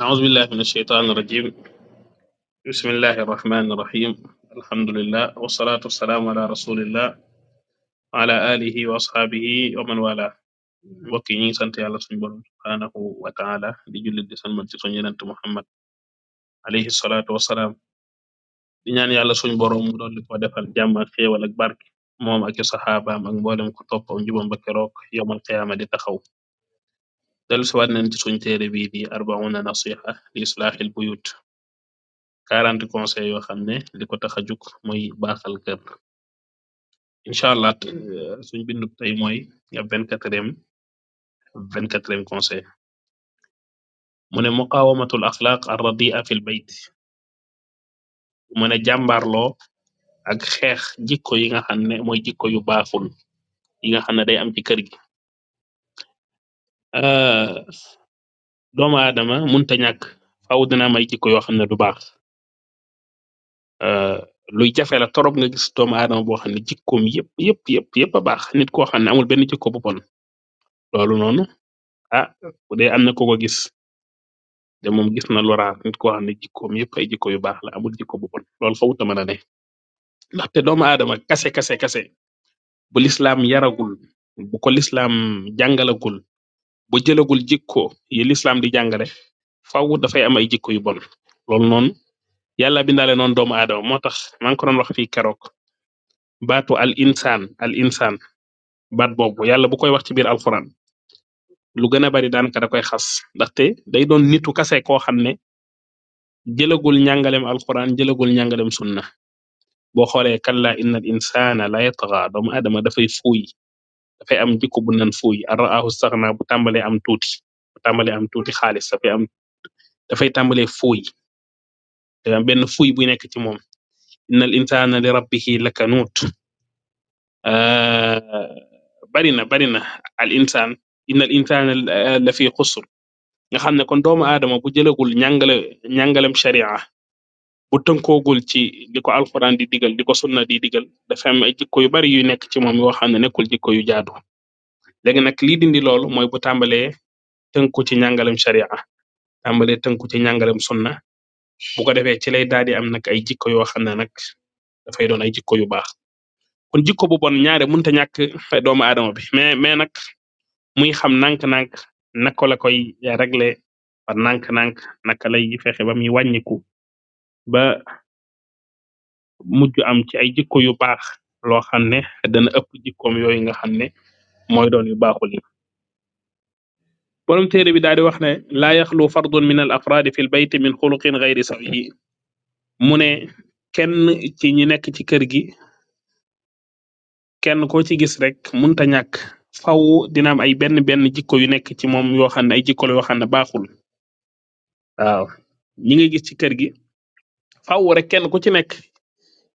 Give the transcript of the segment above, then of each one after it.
أعوذ بالله من الشيطان الرجيم بسم الله الرحمن الرحيم الحمد لله والصلاة والسلام على رسول الله وعلى آله وأصحابه ومن والاه mbokk yi ñu ngi sant yàlla suñu borom subhaanahu wa taala di jullit di salmal ci suñu yenent Muhammad alayhi salaatu wasalaam di ñaan yàlla suñu borom mu dolli ko defal jàmm ak xéewal ak barke moom ak i saxaabaam ak mboolem ko topp am jubam ba keroog yowmal qiyaama di taxaw dellu siwaat nañ suñ teere bii di arbauna nasiha li islaaxil buyut quarante conseil yoo xam ne li ko taxa jug mooy baaxal kër incha allah euh, suñ bindu tey mooy vingt quatrième vingt quatrième conseil mu ne muqawamatul axlaaq arradia fil bayt mu ne jàmbaarloo ak xeex jikko yi nga xam ne mooy jikko yu baaxul yi nga xam ne day am ci kër gi Euh, doomu aadama mënta ñàkk faaw dina am ay jikko yoo xam ne du baax euh, luy jafe la torop nga gis doomu aadama boo xam ne jikkoom yëpp yëpp yëpp yëpp a baax nit koo xam ne amul benn jikko bu bon loolu noonu ah bu dee am na ko ko gis de moom gis na loraat nit koo xam ne jikkoom yëpp ay jikko yu baax la amul jikko bu bon loolu faaw te ndaxte doomu aadama kase kase kase bu lislaam yaragul bu ko lislaam jàngalagul bu jëlagul jikko yi lislaam di jàngale faaw dafay am ay jikko yu bon loolu noonu yàlla bindaale noonu doomu aadama moo tax maa ngi ko doon wax fii keroog baatu al insaan al insaan baat boobu yàlla bu koy wax ci biir alxuraan lu gën a bari daanaka da koy xas ndaxte day doon nitu kase koo xam ne jëlagul njàngaleem alxuraan jëlagul njàngaleem sunna boo xoolee kalla innal insaana la yatgha doomu aadama dafay fuuy dafay am jikko bu nan fuuy ar raahu bu tàmbalee am tuuti bu tàmbalee am tuuti xaalis dafay am dafay tàmbalee fuuy dafay benn fuuy bu nekk ci moom innal insaana li rabbihi lakanuut bari na bari na al insaan innal insaana la fi xusr nga xam ne kon doomu aadama bu jëlagul ñàngale ñàngalem sharia bu tënkoogul ci li ko alxuraan di digal di ko sunna di digal dafa ay jikko yu bari yu nekk ci moom yoo xam ne nekkul jikko yu jaadu léegi nag lii dindi loolu mooy bu tàmbalee tënku ci njàngalem sharia tàmbalee tënku ci njàngalem sunna bu ko defee ci lay daal di am nag ay jikko yoo xam ne nag dafay doon ay jikko yu baax kon jikko bu bon ñaare mënta ñàkk doomu aadama bi mais mais nag muy xam nànk-nànk naka la koy régler par nànk-nànk naka lay fexe ba muy wàññiku ba mujj am ci ay jikko yu baax loo xam ne dana ëpp jikkoom yooyu nga xam ne mooy doon yu baaxul yi borom téere bi daal di wax ne laa yaxlu fardun min al afraadi fi l bayti min xuluqin gayri sawi mu ne kenn ci ñi nekk ci kër gi kenn koo ci gis rek munta ñàkk faw dina am ay benn benn jikko yu nekk ci moom yoo xam ne ay jikko la yoo xam ne baaxul waaw ñi ci kër faaw rek kenn ku ci nekk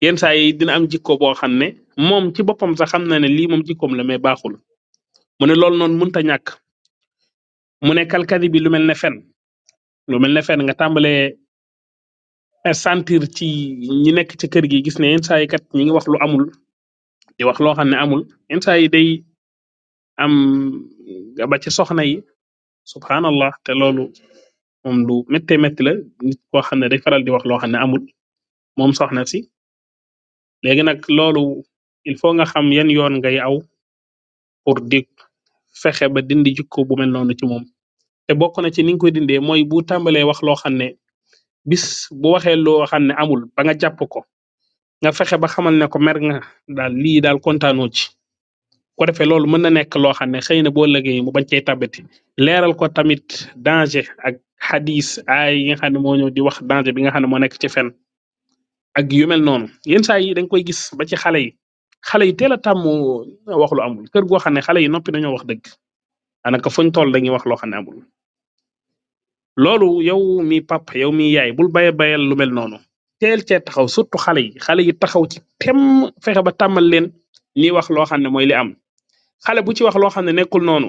yenn saa yi dina am jikko boo xam ne moom ci boppam sax xam na ne lii moom jikkoom la mais baaxul mu ne loolu noonu mënta ñàkk mu ne kalkadi bi lu mel ne fen lu mel ne fen nga tàmbalee sentir ci ñi nekk ci kër gi gis ne yenn saa yi kat ñi ngi wax lu amul di wax loo xam ne amul yenn saa yi day am ba ci soxna yi subhanallah te loolu moom lu méttee métti la nit koo xam ne day faral di wax loo xam ne amul moom soxna si léegi nag loolu il faut nga xam yan yoon ngay aw pour di fexe ba dindi jikko bu mel noonu ci moom te bokk na ci ni nga koy dindee mooy bu tàmbalee wax loo xam ne bis bu waxee loo xam ne amul ba nga jàpp ko nga fexe ba xamal ne ko mer nga daal lii daal kontaanoo ko defee loolu mën na nekk loo xam ne xëy na boo lëggee mu bañ cey tabbati leeral ko tamit danger ak xadis ay yi nga xam ne moo ñëw di wax danger bi nga xam ne moo nekk ci fen ak yu mel noonu yenn saa yi dañ koy gis ba ci xale yi xale yi teel a tàmm wax lu amul kër goo xam ne xale yi noppi dañoo wax dëgg anaka fuñ toll dañuy wax loo xam ne amul loolu yow mi pap yow mi yaay bul baye bayal lu mel noonu teel cee taxaw surtout xale yi xale yi taxaw ci tem fexe ba tàmmal leen li wax loo xam ne mooy li am xale bu ci wax loo xam ne nekkul noonu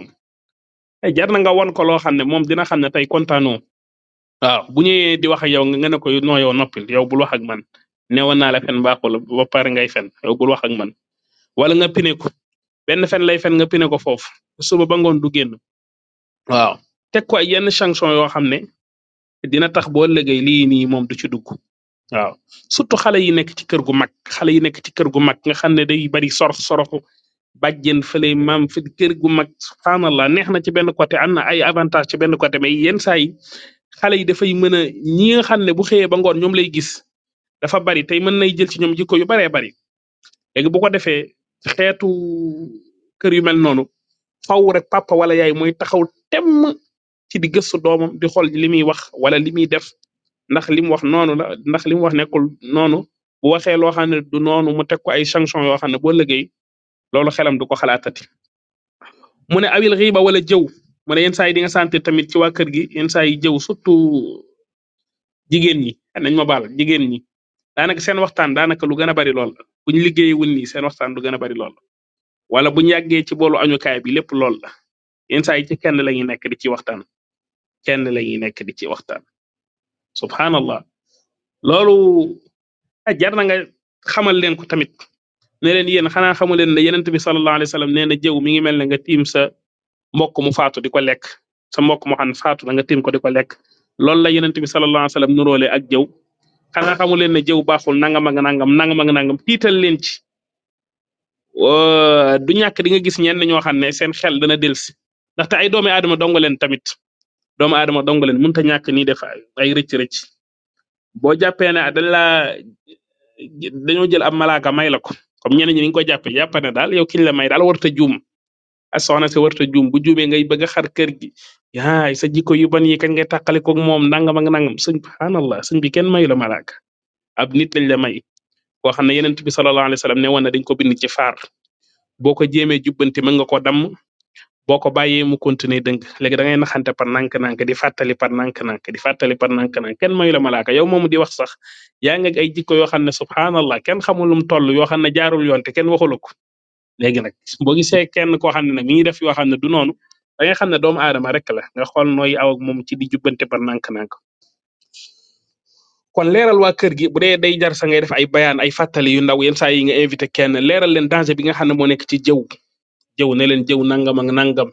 tey eh, jar na nga wan ko loo xam ne moom dina xam ne tey kontaanoo waaw bu ñëwee di wax yow nga ne koy non yow noppil yow bul wax ak man ne woon naa la fen ba pare ngay fen yow bul wax ak man wala nga pine ko benn fen lay fen nga pine ko foofu suba ba ngoon du génn waaw teg ko ay yenn sanction yoo xam ne dina tax boo liggéey lii nii moom du ci dugg waaw surtout xale yi nekk ci kër gu mag xale yi nekk ci kër gu mag nga xam ne day bari sor soroxu bàjjen fële mam fi kër gu mag subhanallah neex na ci benn côté am na ay avantage ci benn côté mais yenn saa yi xale yi dafay mën a ñi nga xam ne bu xëyee ba ngoon ñoom lay gis dafa bari tey mën nay jël ci ñoom jikko yu baree bari léegi bu ko defee xeetu kër yu mel noonu faw rek papa wala yaay mooy taxaw temm ci di gëstu doomam di xool li muy wax wala li muy def ndax li mu wax noonu la ndax li mu wax nekkul noonu bu waxee loo xam ne du noonu mu teg ko ay sanction yoo xam ne boo lëggee loolu xelam du ko xalaatati mu ne awil xiiba wala jëw mu ne yenn saa yi di nga sentir tamit ci waa kër gi yenn saa yi jëw surtout jigéen ñi nañ ma baal jigéen ñi daanaka seen waxtaan daanaka lu gën a bari lool bu ñu liggéeyewul nii seen waxtaan du gën a bari lool wala bu ñu yàggee ci boolu añukaay bi lépp lool la yi ci kenn la ñuy nekk di ci waxtaan kenn la ñuy nekk di ci waxtaan subhanallah loolu ah, jar na xamal leen tamit ne leen yéen xanaa xamu leen ne yenent bi sallallahu alayhi wa sallam nee na jëw mi ngi mel ne nga tiim sa mbokk mu faatu di ko lekk sa mbokk mu xam faatu na nga tiim ko di ko lekk loolu la yenent bi sallallahu alayhi wa sallam nuróole ak jëw xanaa xamu leen ne jëw baaxul nangam ak nangam nangam ak nangam tiital leen ci du ñàkk di nga gis ñenn ñoo xam ne seen xel dana delsi ndaxte ay doomi aadama dong leen tamit doomu aadama dong leen mënut a ñàkk nii def ay rëcc rëcc boo jàppee ne dañ la dañoo jël ab malaaka may la ko comme ñeneen ñi ni ñu ko jàppee jàpp ne daal yow kiñ la may daal warta jum a soxna si warta juum bu juumee ngay bëgg a xar kër gi yaay sa jikko yu ban yi kañ ngay tàqale koog moom nangam ak nangam subhanallah sëñ bi kenn mayu la malaaka ab nit lañ la may koo xam ne yeneen bi sallallahu alayhi wasallam ne woon na dañ ko bind ci faar boo ko jéemee jubbanti mën nga ko boo ko bàyyee mu continuer dëng léegi da ngay naxante par nànk-nànk di fàttali par nànk-nànk di fàttali par nànk-nànk kenn mayu la malaaka yow moomu di wax sax yaa nga ay jikko yoo xam ne subhaanallah ken xamul lum toll yoo xam ne jaarul yoon ken kenn waxula ko léegi nag boo gisee kenn koo xam ne nag mi ngi def yoo xam ne du noonu da xam ne doomu aadama rek la nga xool nooy aw ak moom ci di jubbante par nànk-nànk kon leeral waa kër gi bu dee day jar sa ngay def ay bayaan ay fàttali yu ndaw yen saa yi nga invité kenn leeral leen danger bi nga xam ne moo nekk ci jëw jëw ne leen jëw nangam ak nangam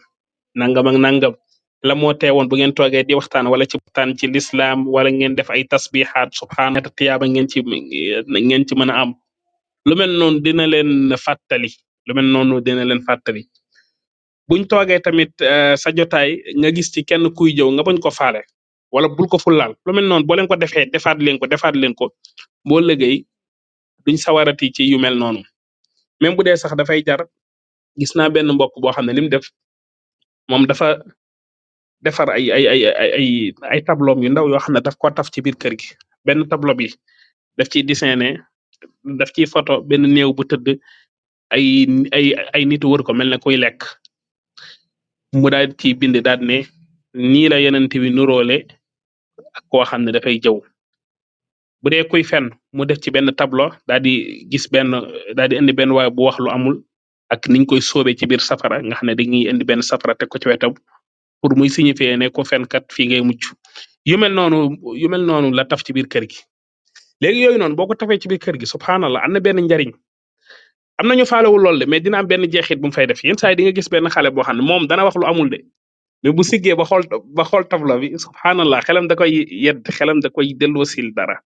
nangam ak nangam la moo teewoon bu ngeen toogee di waxtaan wala ci waxtaan ci lislaam wala ngeen def ay tasbihaat subhaana te tiyaaba ngeen ci ngeen ci mën am lu mel noonu dina leen fàttali lu mel noonu dina leen fàttali buñ toogee tamit eh, sa jotaay nga gis ci kenn kuy jëw nga bañ ko faale wala bul ko fullaal lu mel noonu boo leen ko defee defaat leen ko defaat leen ko boo liggéey duñ sawarati ci yu mel noonu sax dafay jar gis naa benn mbokk boo xam ne lim def moom dafa defar ay ay ay ay yu ndaw yoo xam ne daf ko taf ci biir kër gi benn tableau bi daf ciy dessiné daf ciy photo benn néew bu tëdd ay ay ay nit wër ko mel ne kuy lekk mu daal ciy bind daal ne nii la yenent bi nuróole ak koo xam ne dafay jëw bu dee kuy fen mu def ci benn tableau daal di gis benn daal di indi benn waay bu wax lu amul ak niñ koy soobee ci biir safara nga xam ne dañuy indi benn safara teg ko ci wetam pour muy signifier ne ko fenkat fii ngay mucc yu mel noonu yu mel noonu la taf ci biir kër gi léegi yooyu noonu boo ko tafee ci biir kër gi subhanallah am na benn njariñ am nañu faalewul lool de mais dina am benn jeexit bu mu fay def yenn saa yi di nga gis benn xale boo xam ne moom dana wax lu amul de mais bu siggee ba xool ba xool tableau bi subhanallah xelam da koy yedd xelam da koy delloosil dara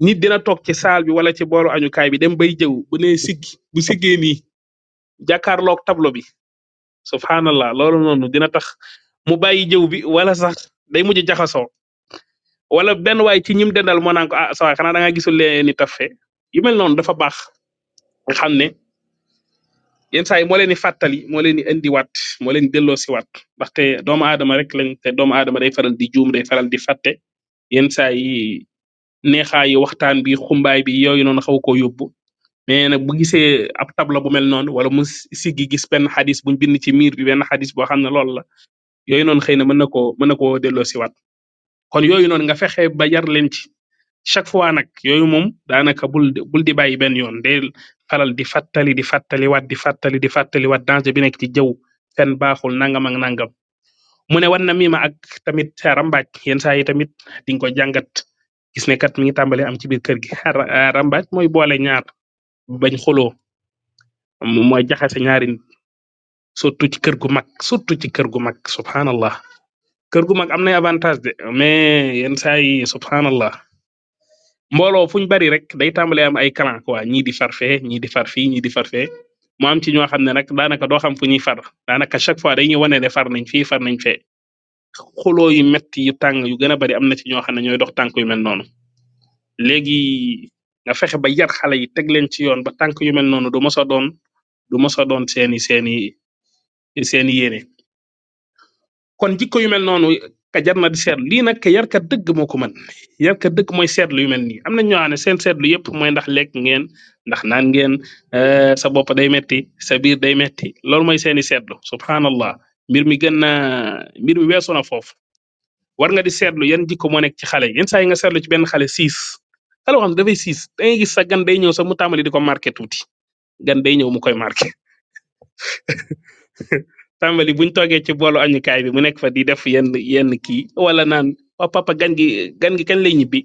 nit dina toog ci sal bi wala ci boolu añukaay bi dem bay jëw bu nee bu siggee nii jàkkaarloog tableau bi subhanallah loolu noonu dina tax mu bàyyi jëw bi wala sax day mujj jaxasoo wala benn waay ci ñim dendal moo naan a ah sa waay xanaa da ngaa gisul leen ni tafe yu mel noonu dafa baax xam ne yenn saa yi moo leen di fàttali moo leen di indiwaat moo leen di delloosiwaat ndaxte doomu aadama rek lañ te doomu aadama day faral di juum day faral di fàtte yenn saa yi neexaayu waxtaan bi xumbaay bi yooyu noonu xaw koo yóbbu mais nag bu gisee ab tableau bu mel noonu wala mu siggi gis benn xadis buñ bind ci miir bi benn xadis boo xam ne loolu la yooyu noonu xëy na mën na koo mën na koo delloosiwaat kon yooyu noonu nga fexe ba yar leen ci chaque fois nag yooyu moom daanaka bul bul di bàyyi benn yoon day faral di fàttali di fàttaliwaat di fàttali di fàttaliwaat danger bi nekk ci jëw fen baaxul nangam ak nangam mu ne war na miima ak tamit rambaaj yenn saa yi tamit di nga ko jàngat gis ne kat mi ngi tàmbale am ci biir kër gi rambaaj mooy boole ñaar. bañ xuloo mooy jaxase ñaari nit surtout ci kër gu mag surtout ci kër gu mag subhanallah kër gu mag am nay avantage de mais yenn saa yi subhanallah mbooloo fuñ bari rek day tàmbalee am ay clan quoi ñii di farfee ñii di far fii ñii di far fee ñoo xam ne nag daanaka doo xam fu ñuy far daanaka chaque fois dañuy wane ne far nañ fii far nañ fee xuloo yu metti yu tàng yu gën a bari am na ci ñoo xam ne ñooy dox tànk yu mel noonu léegi nga fexe ba yar xale yi teg leen ci yoon ba tànk yu mel noonu du mos a doon du mos a doon seeni seeni seeni yéene kon jikko yu mel noonu ka jar na di seetlu lii nag ka yarkat dëgg moo ko mën yarkat dëgg mooy seetlu yu mel nii am na ñoo xam seen seetlu yëpp mooy ndax lekk ngeen ndax naan ngeen eh, sa bopp day metti sa biir day metti loolu mooy seeni seetlu subhanallah mbir mi gën na mbir mi weesu na foofu war nga di seetlu yan jikko moo nekk ci xale yenn saa nga seetlu ci benn xale siis te loo xam ne dafay gan day ñëw sax mu tàmbali di ko marqué tuuti gan day ñëw mu koy marqué tàmbali buñ toogee ci boolu añukaay bi mu nekk fa di def yenn yenn kii wala naan waa papa gan gi gan gi kañ lay ñibbi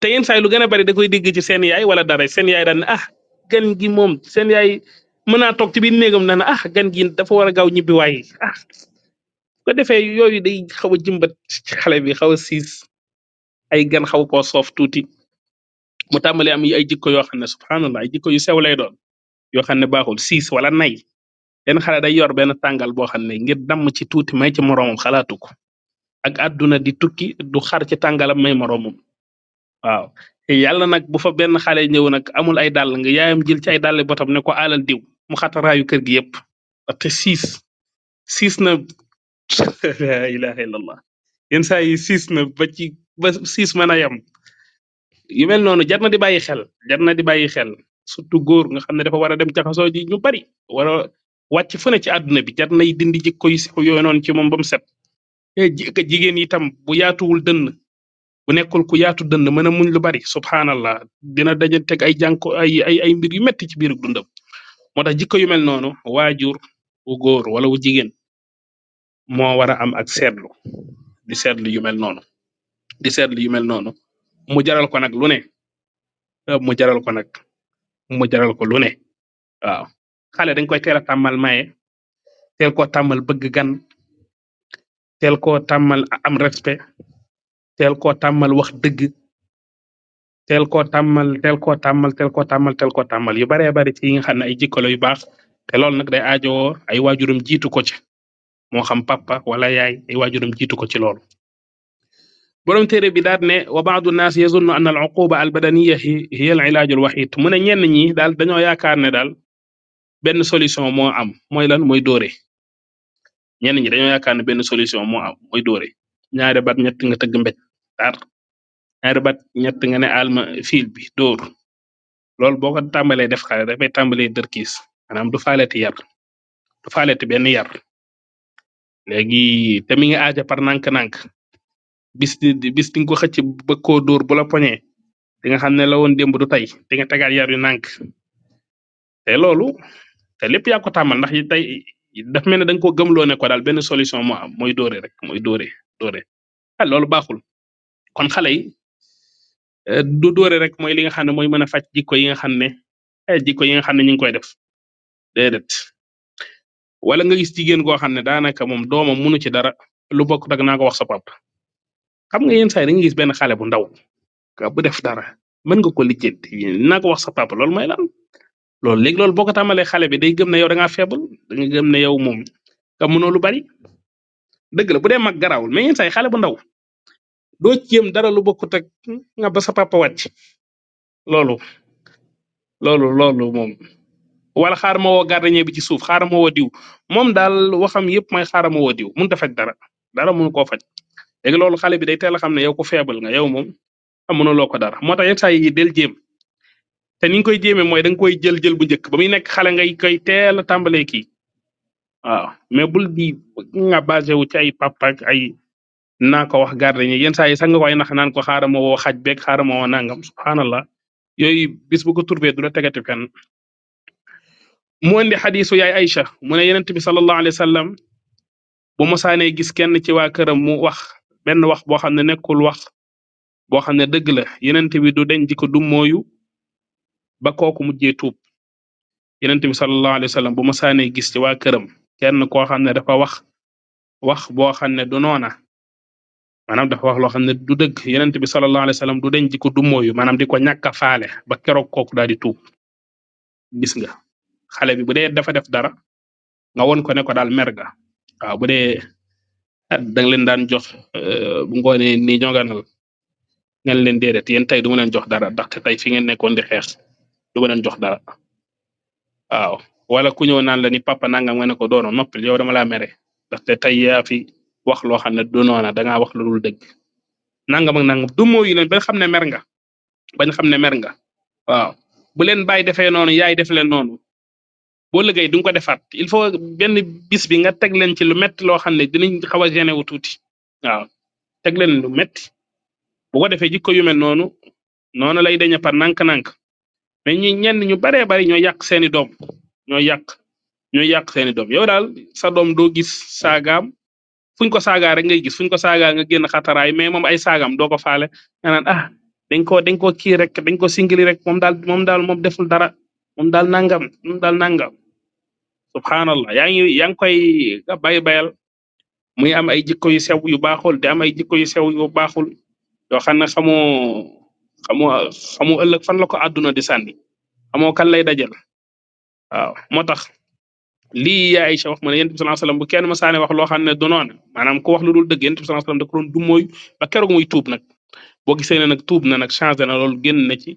te yenn saay lu gën a bari da koy dégg ci seen yaay wala dara seen yaay daan ne ah gan gi moom seen yaay mën naa toog ci biir néegam naan ah gan gi dafa war a gaaw ñibbi waaye ah ko defee yooyu day xaw a jëmbat xale bi xaw a siis ay gan xaw koo soof tuuti mu tàmbali am ay jikko yoo xam ne subhanallah ay jikko yu sew lay doon yoo xam ne baaxul siis wala nay benn xale day yor benn tàngal boo xam ne ngir damm ci tuuti may ci moroomam xalaatu ko ak àdduna di tukki du xar ci tàngalam may moroomam waaw yàlla nag bu fa benn xale ñëw nag amul ay dàll nga yaayam jil ci ay dàll botam ne ko alal diw mu xataraayu kër gi yépp te siis siis na ilaha illallah yenn saa yi siis na ba ci ba siis mën a yem yu mel noonu jar na di bàyyi xel jar na di bàyyi xel surtout góor nga xam ne dafa war a dem jaxasoo ji ñu bari war a wàcc fu ne ci àdduna bi jar nay dindi jikko yu siw yooyu noonu ci moom ba set te ji- ka jigéen itam bu yaatuwul dënn bu nekkul ku yaatu dënn mana a lu bari subhaanallah dina dajanteeg ay jànko ay ay ay mbir yu metti ci biir dundam moo tax jikko yu mel noonu waajur góor wala wu jigéen moo war a am ak seetlu di seetlu yu mel noonu di seetlu yu mel noonu mu jaral ko nag lu ne euh, mu jaral ko nag mu jaral ko lu ne waaw xale dañ koy teel a tàmmal maye teel koo tàmmal bëgg gan teel koo tàmmal am respect teel koo tàmmal wax dëgg teel koo tàmmal teel koo tàmmal teel koo ko teel koo tàmmal yu baree bari ci yi nga xam ne ay jikkalo yu baax te loolu nag day aajowoo ay waajuram jiitu ko ci moo xam papa wala yaay ay waajuram jiitu ko ci loolu borom téere bi daal ne wa baadu naas yazunnu anna al uquba al badaniya hiya al ilaaj al waxiid mu ne ñenn ñi daal dañoo yaakaar ne daal benn solution moo am mooy lan mooy dóore ñenn ñi dañoo yaakaar ne benn solution moo am mooy dóore ñaari bat ñett nga tëgg mbéj daar ñaari bat ñett nga ne alma fiil bi dóor loolu boo ko tàmbalee def xale dafay tàmbalee dërkiis maanaam du faaleeti yar du faaleeti benn yar léegi te mi ngi aaja par nànk-nànk bis di bis di nga ko xëcc bëgg koo dóor bu la poñee nga xam ne la woon démb du tey di nga tegaat yar yu nànk te loolu te lépp yaa ko tàmmal ndax tey daf mel ne da nga ko gëmloo ne ko daal benn solution moo am mooy dóore rek mooy dóore dóore ah loolu baaxul kon xale yi eh, du dóore rek mooy li nga xam ne mooy mën a faj jikko yi nga xam ne ay eh, jikko yi nga xam ne ñu ngi koy def déedéet wala nga gis jigéen goo xam ne daanaka moom doomam munu ci dara lu bokk dag naa ko wax sa papa xam nga yenn saa yi gis benn xale bu ndaw bu def dara mën nga ko lijjanti naa ko wax sa papa loolu mooy lan lool léegi loolu boo ko tàmbalee xale bi day gëm na yow da ngaa faible da gëm na yow moom nga mënoo lu bari dëgg la bu dee mag garaawul mais yenn saa xale bu ndaw doo jéem dara lu bokkut ak nga ba sa papa wàcc loolu loolu loolu moom wala xaar ma woo gardien bi ci suuf xaar ma woo diw moom daal waxam yépp mooy xaar moo woo diw mënut a faj dara dara mënu koo faj. léegi loolu xale bi day teel xam ne yow ko feebal nga yow moom mënuloo ko dara moo tax yenn saa yi del te ni nga koy jéemee mooy da koy jël jël bu njëkk ba muy nekk xale ngay koy teel a tàmbalee kii waaw mais bul bi a base wu ci ay papa ak ay naa ko wax garde ñi yenn sax yi sax nga koy nax naan ko xaaral ma woo xaj beeg xaaral ma woo nangam subhanallah yooyu bis bu ko turbee du la tegati fenn mu indi xadisu yaay Aïcha mu ne yonent bi sallallahu alayhi wa sallam bu mosaanee gis kenn ci waa këram mu wax. benn wax boo xam ne nekkul wax boo xam ne dëgg la yenent bi du deñ di ko dummooyu ba kooku mujjee tuub yenent bi sallallahu alayhi wa bu ma saanee gis ci waa këram kenn koo xam ne dafa wax wax boo xam ne du noona maanaam dafa wax loo xam ne du dëgg yenent bi sallallahu alayhi wa du den di ko dummooyu maanaam di ko ñàkk a ba keroog kooku daal di tuub gis nga xale bi bu dafa def dara nga won ko ne ko daal mer ga Ah, danga leen daan jox euh, bu ngoonee nii ñoo ganal nga ne leen déedéet yéen tey du ma jox dara ndaxte tey fi ngeen nekkoon di xeex du ma jox dara waaw wala ku ñëw naan la ni papa nangam nga ne ko doono noppil yow dama laa mere ndaxte tey yaa fi wax loo xam ne du noona dangaa wax lu dul dëgg nangam ak nangam du moo yi leen ba xam ne mer nga bañ xam ne mer nga waaw bu leen bàyyi defee noonu boo lëggee du nga ko defaat il faut benn bis bi nga teg leen ci lu metti loo xam ne dinañ xaw a gêné wu tuuti waaw teg leen lu metti bo ko defee jikko yu mel noonu noonu lay daña par nànk-nànk mais ñi ñenn ñu baree bari ñoo yàq seeni doom ñoo yàq ñoo yàq seeni doom yow daal sa doom doo gis saagaam fuñ ko saagaa rek ngay gis fuñ ko saagaa nga génn xataraay mais moom ay saagaam doo ko faale nga ah dañ ko dañ ko kii rek dañ ko singili rek moom daal moom daal deful dara moom daal nangam moom daal nangam subhanallah yaa ngi yaa ngi koy nga bàyyi bayal muy am ay jikko yu sew yu baaxul de am ay jikko yu sew yu baaxul yoo xam ne xamoo xamoo xamoo ëllëg fan la ko àdduna di sànni xamoo kan lay dajal waaw moo tax lii yaa Aïcha wax ma ne yonent bi sallallahu alayhi wasallam bu kenn ma saane wax loo xam ne du noonu maanaam ku wax lu dul dëgg yonent bi sallallahu alayhi wasallam da ko ba keroog muy tuub nag boo gisee ne nag tuub na nag changé na loolu génn na ci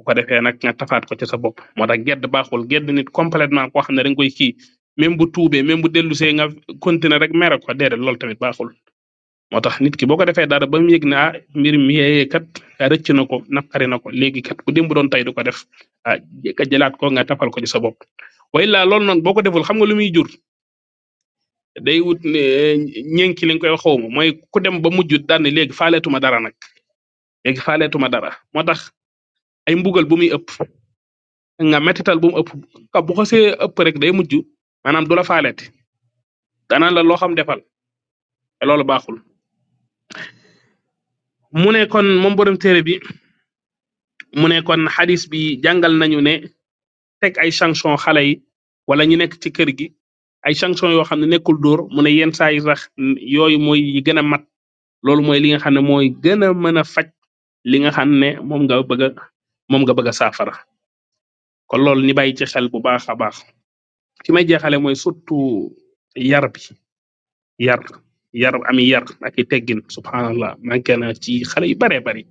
bu ko defee nag nga tafaat ko ci sa bopp moo tax xul baaxul gedd nit complètement koo xam ne da nga koy kii même bu tuubee même bu dellusee nga continuer rek mere ko déedéet loolu tamit baaxul moo tax nit ki boo ko defee dara ba mu yëg ah, mbir mi yee eh, eh, kat ah, rëcc na ko naqari na ko léegi kat bu démb doon tey du ko def ah, a ka jëlaat ko nga tafal ko ci sa bopp way laa loolu noonu boo ko deful xam nga lu muy jur day wut ne eh, ñenki lañ koy xaw ma mooy ku dem ba mujj daan léegi faaleetuma dara nag léegi faaleetuma dara moo tax ay mbugal bu muy ëpp nga metital bu mu ëpp bu xasee rek day mujj maanaam du falet faaleeti danaan la loo xam defal te loolu baaxul mu ne kon moom borom téere bi mu ne kon xadis bi jàngal nañu ne teg ay sanction xale yi wala ñu nekk ci kër gi ay sanction yoo xam ne nekkul dóor mu ne yenn saa yi sax yooyu mooy yi gën a mat loolu mooy li nga xam ne mooy gën a mën a faj li nga xam ne moom nga bëgg moom nga bëgg a saafara kon loolu ni bàyyi ci xel bu baax a baax fi may jeexale mooy surtout yar bi yar yar ami yar ak i teggin subhanallah manqué na ci xale yu baree bari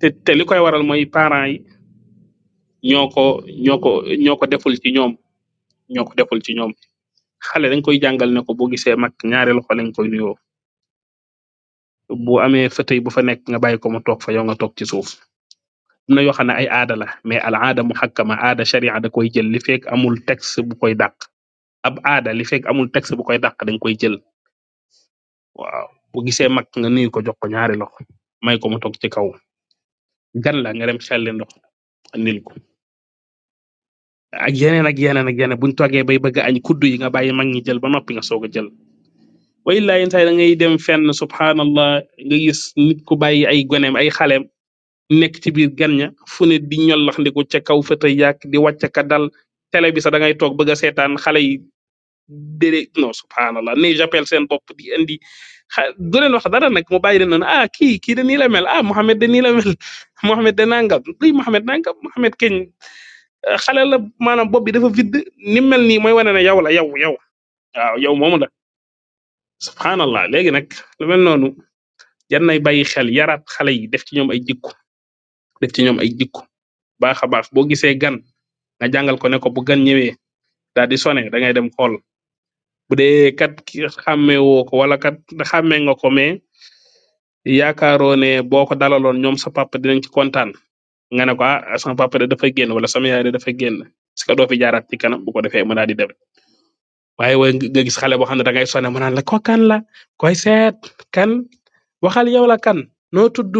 te te li koy waral mooy parents yi ñoo ko ñoo ko ñoo ko deful ci ñoom ñoo ko deful ci ñoom xale dañ koy jàngal ne ko boo gisee mag ñaari loxo lañ koy nuyoo bo amee fauteuil bu fa nekk nga bàyyi ko mu toog fa yow nga toog ci suuf na yoo xam ne ay aada la mais al aada mu xakkama aada sharia da koy jël li fekk amul texte bu koy dàq ab aada li fekk amul texte bu koy dàq dañ koy jël waaw bu gisee mag nga nuyu ko jox ko ñaari loxo may ko mu toog ci kaw gan la nga dem xelli ndox andil ko ak yeneen ak yeneen ak yeneen buñ toggee bay bëgg añ kuddu yi nga bàyyi mag ñi jël ba noppi nga soog a jël. wa illaa yenn saa yi da ngay dem fenn subhaanallah nga gis nit ku bàyyi ay goneem ay xaleem nekk ci biir gan ña di ñollax ndiku ca kaw fa tey yàq di wàcc ka dal télé bi sax da ngay toog bëgg a seetaan xale yi dére non subhaanallah ne j'appelle seen bopp di indi xa du leen wax dara nag mu bàyyi leen na a ah, kii kii de nii la mel ah Mohamed de nii la mel Mohamed de nangam luy Mohamed nangam Mohamed keñ xale la maanaam bopp bi dafa vide ni mel nii mooy wane na yow la yow yow waaw yow moomu la. subhanallah léegi nag lu mel noonu jar nay bàyyi xel yaraat xale yi def ci ñoom ay jikko def ci ñoom ay jikko baax a baax boo gisee gan nga jàngal ko ne ko bu gan ñëwee daal di sone da ngay dem xool bu dee kat ki xàmmee woo ko wala kat xàmmee nga ko mais yaakaaroo ne boo ko dalaloon ñoom sa papa dinañ ci kontaan nga ne ko ah sama papa génn wala sam yaay de dafa génn parce que doo fi jaaraat ci kanam bu ko defee mën di dem waaye wa nga gis xale boo xam ne da ngay sonné mu naan la ko kan la koy seet kan waxal yow la kan noo tudd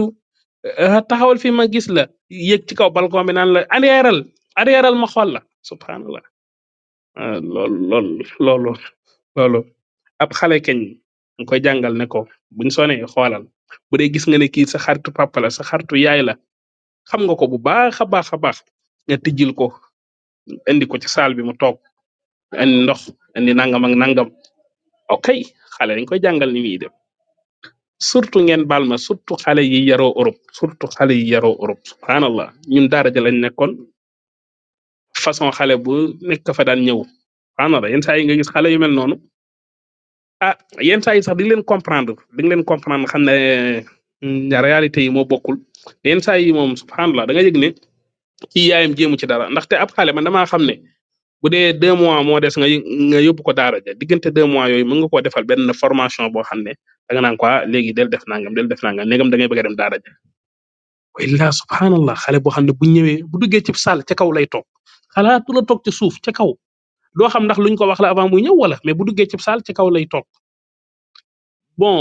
eh, taxawal fi ma gis la yéeg ci kaw balcon bi naan la arrièreal arrièreal ma xol la subhanallah ah, lool lool loolu loolu ab xale keñ nga koy jàngal ne ko buñ sone xoolal bu dee gis nga ne kii sa xaritu papa sa xaritu yaay la xam nga ko bu baax a baax a baax nga tijjil ko indi ko ci saal bi mu toog andi ndox andi nangam ak nangam ok xale dañ koy jàngal ni muy def surtout ngeen baal ma surtout xale yi yaroo Europe surtout xale yi yaroo Europe subhanallah ñun daara ja lañ nekkoon façon xale bu nekk fa daan ñëw subhanallah yenn saa yi nga gis xale yu mel noonu ah yenn saa yi sax di leen comprendre di leen comprendre xam ne mm, réalité yi moo bokkul yenn saa yi moom subhanallah da nga yëg ne ci yaayam jéemu ci dara xale man damaa xam bu dee deux mois moo des nga nga yóbbu ko daara ja diggante deux mois yooyu mën nga koo defal benn formation boo xam ne da nga naan quoi léegi del def nangam del def nangam néegam da ngay bëgg a dem daara ja walla subhanallah xale boo xam ne bu ñëwee bu duggee ci salle ca kaw lay toog xalaatu la toog ci suuf ca kaw doo xam ndax luñ ko wax la avant muy ñëw wala mais bu duggee ci salle ca kaw lay toog bon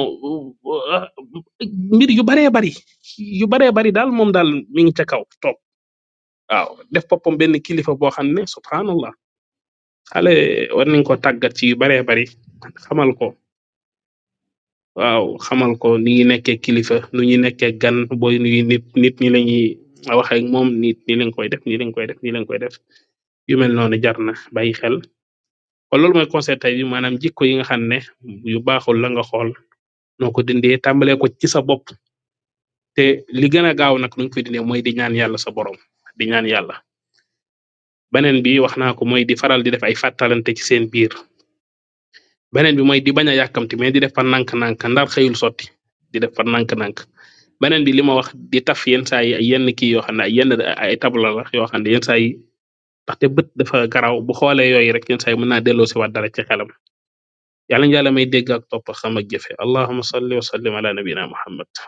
mbir yu baree bari yu baree bari daal moom daal mi ngi ca kaw toog waaw def boppam benn kilifa boo xam ne subhanallah Xale war nañ ko tàggat ci yu baree bari xamal ko waaw xamal ko niñu nekke kilifa nuñu nekke gan boy nuyu nit nit ni lañuy waxe ak moom nit ni len koy def ni len koy def ni len koy def yu mel noonu jar na bàyyi xel kon loolu mooy conseil tay bi maanaam jikko yi nga xam ne yu baaxul la nga xool noo ko dindee tàmbale ko ci sa bopp te li gëna gaaw nak nuñ koy dindee mooy di ñaan yàlla sa boroom di ñaan yàlla. beneen bi wax naa ko mooy di faral di def ay fàttalante ci seen biir beneen bi mooy di bañ a yàkkamti mais di def fa nànk-nànk ndar xëyul sotti di def fa nànk-nànk beneen bi li ma wax di taf yenn saay yi ay yenn kii yoo xam ne ay yenn ay tabla la yoo xam ne yenn saa yi ndaxte bët dafa garaw bu xoolee yooyu rek yenn saa yi mën naa delloo si waat dara ci xelam yàlla yàlla may dégg ak topp xam ak jëfe allahuma salli wa sallim ala nabina muhammad